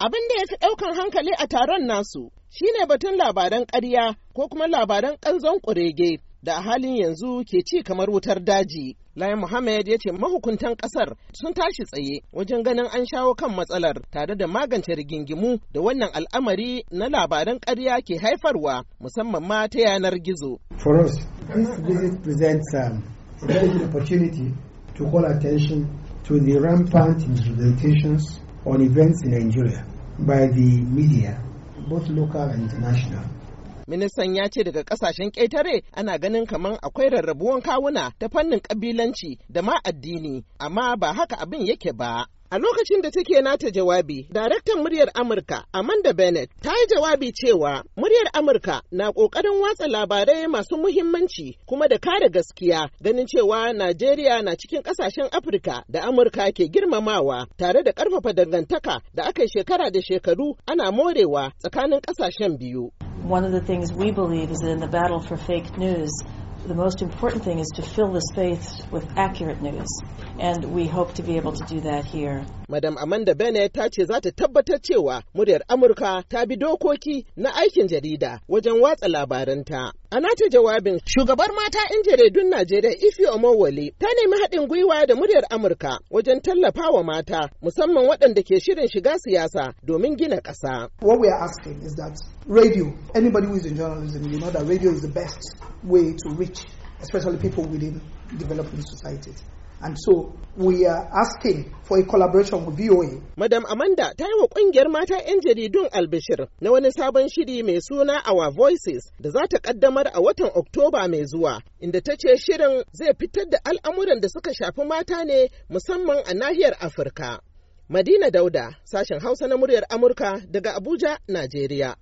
Abin da ya fi ɗaukar hankali a taron nasu shine batun labaran ƙarya ko kuma labaran ƙanzon ƙurege da a halin yanzu ke ci kamar wutar daji. Lai Muhammad ya ce mahukuntan ƙasar sun tashi tsaye wajen ganin an shawo kan matsalar tare da magance rigingimu da wannan al'amari na labaran ƙarya ke haifarwa musamman ma ta yanar gizo. For us, this visit presents um, a very opportunity to call attention to the rampant on events in Nigeria by the media, both local and international. ministan ya ce daga kasashen ƙetare ana ganin kamar akwai rarrabuwan kawuna ta fannin ƙabilanci da ma addini amma ba haka abin yake ba A lokacin da take nata jawabi, daraktan muryar Amurka Amanda Bennett ta yi jawabi cewa muryar Amurka na ƙoƙarin watsa labarai masu muhimmanci kuma da kare gaskiya ganin cewa Najeriya na cikin ƙasashen Afirka da Amurka ke girmamawa tare da ƙarfafa dangantaka da aka yi shekara da shekaru ana morewa tsakanin ƙasashen biyu. One of the things we believe is in the battle for fake news, the most important thing is to fill the space with accurate news. And we hope to be able to do that here. Madam Amanda Bennett ta ce za ta tabbatar cewa muryar Amurka ta bi dokoki na aikin jarida wajen watsa labaranta. A nata jawabin shugabar mata 'yan jaridun Najeriya Ife Omowole ta nemi haɗin gwiwa da muryar Amurka wajen tallafawa mata musamman waɗanda ke shirin shiga siyasa domin gina ƙasa. What we are asking is that radio, anybody who is in journalism, you know that radio is the best way to reach especially people within developing societies. And so we are asking for a collaboration with VOA. Madam Amanda ta yi wa kungiyar mata 'yan jaridun albishir na wani sabon shiri mai suna Our Voices da za ta kaddamar a watan Oktoba mai zuwa, inda ta ce shirin zai fitar da al'amuran da suka shafi mata ne musamman a nahiyar Afirka. Madina Dauda, sashen Hausa na muryar Amurka daga Abuja, Najeriya.